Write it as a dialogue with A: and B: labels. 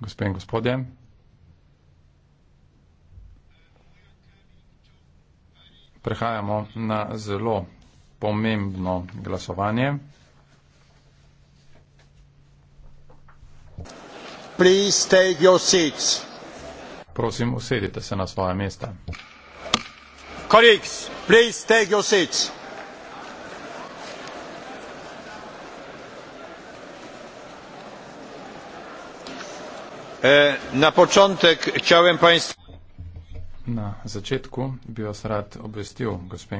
A: gospe in gospodje. Prehajamo na zelo pomembno glasovanje.
B: Prosim, usedite se na svoje mesta.
C: Kolegi, prosim, usedite se na svoje mesta.
D: E, na początek chciałem państwu...
E: Na začetku
F: bi vas rad obvestil, gospe